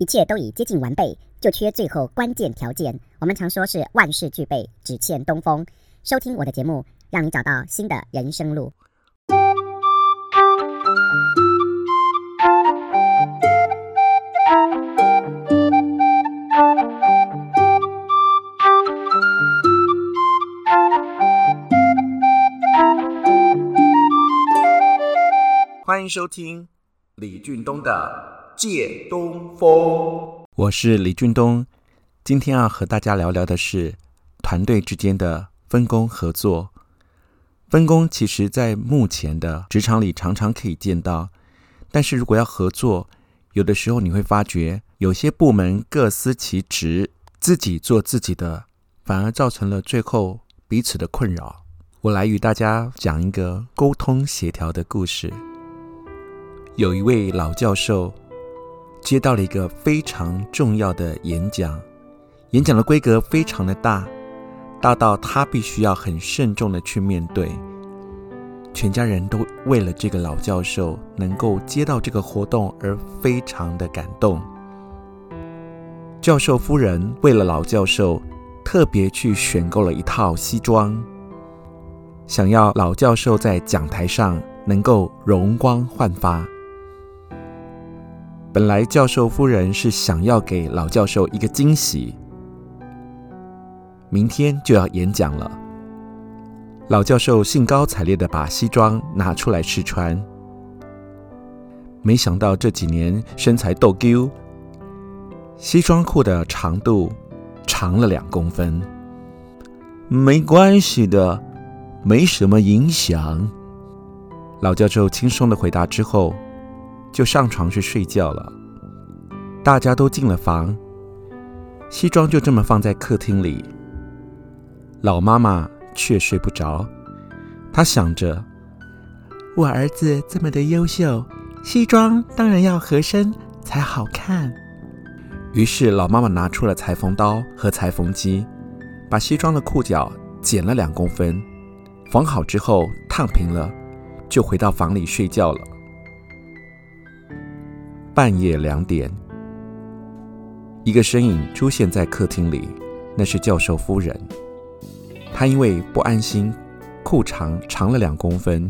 一切都已接近完備，就缺最後關鍵條件。我們常說“是萬事俱備，只欠東風”。收聽我的節目，讓你找到新的人生路。歡迎收聽李俊東的。借東風，我是李俊東。今天要、啊、和大家聊聊的是團隊之間的分工合作。分工其實，在目前的職場裡常常可以見到，但是如果要合作，有的時候你會發覺有些部門各司其職，自己做自己的，反而造成了最後彼此的困擾。我來與大家講一個溝通協調的故事。有一位老教授，接到了一個非常重要的演講，演講的規格非常的大，大到他必須要很慎重的去面對。全家人都為了這個老教授能夠接到這個活動而非常的感動。教授夫人為了老教授，特別去選購了一套西裝，想要老教授在講台上能夠容光煥發。本來教授夫人是想要給老教授一個驚喜，明天就要演講了。老教授興高采烈的把西裝拿出來試穿，沒想到這幾年身材逗丟，西裝褲的長度長了兩公分。沒關係的，沒什麼影響。老教授輕鬆的回答之後，就上床去睡覺了。大家都進了房，西裝就這麼放在客廳裡。老媽媽卻睡不着，她想着：我兒子這麼的優秀，西裝當然要合身才好看。於是老媽媽拿出了裁縫刀和裁縫機，把西裝的褲腳剪了兩公分，縫好之後燙平了，就回到房裡睡覺了。半夜兩點，一個身影出現在客廳裡，那是教授夫人。她因為不安心，褲長長了兩公分，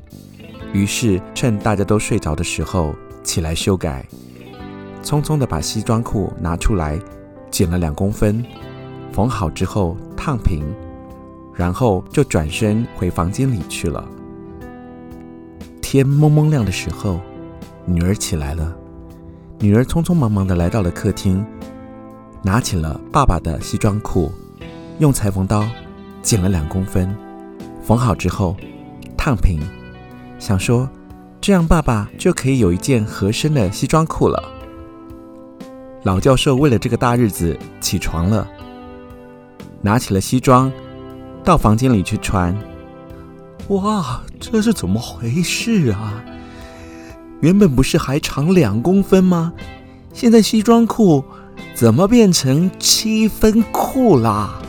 於是趁大家都睡着的時候起來修改，匆匆的把西裝褲拿出來剪了兩公分，縫好之後燙平，然後就轉身回房間裡去了。天蒙蒙亮的時候，女兒起來了。女兒匆匆忙忙地來到了客廳，拿起了爸爸的西裝褲，用裁縫刀剪了兩公分，縫好之後燙平，想說這樣爸爸就可以有一件合身的西裝褲了。老教授為了這個大日子起床了，拿起了西裝，到房間裡去穿。哇，這是怎麼回事啊？原本不是還長兩公分嗎？現在西裝褲怎麼變成七分褲啦？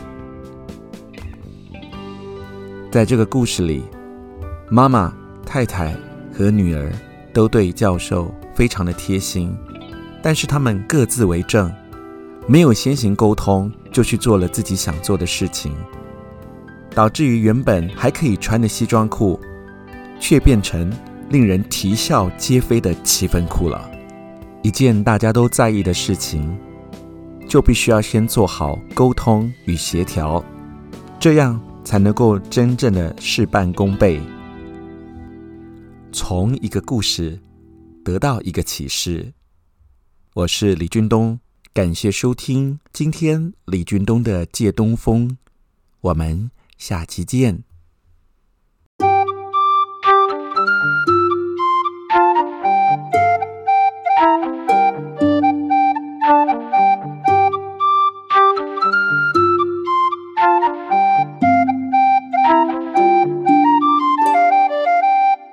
在這個故事裡，媽媽、太太和女兒都對教授非常的貼心，但是他們各自為政，沒有先行溝通，就去做了自己想做的事情，導致於原本還可以穿的西裝褲，卻變成。令人啼笑皆非的七分褲了，一件大家都在意的事情，就必須要先做好溝通與協調，這樣才能夠真正的事半功倍。從一個故事得到一個啟示。我是李俊東，感謝收聽今天李俊東的借東風，我們下期見。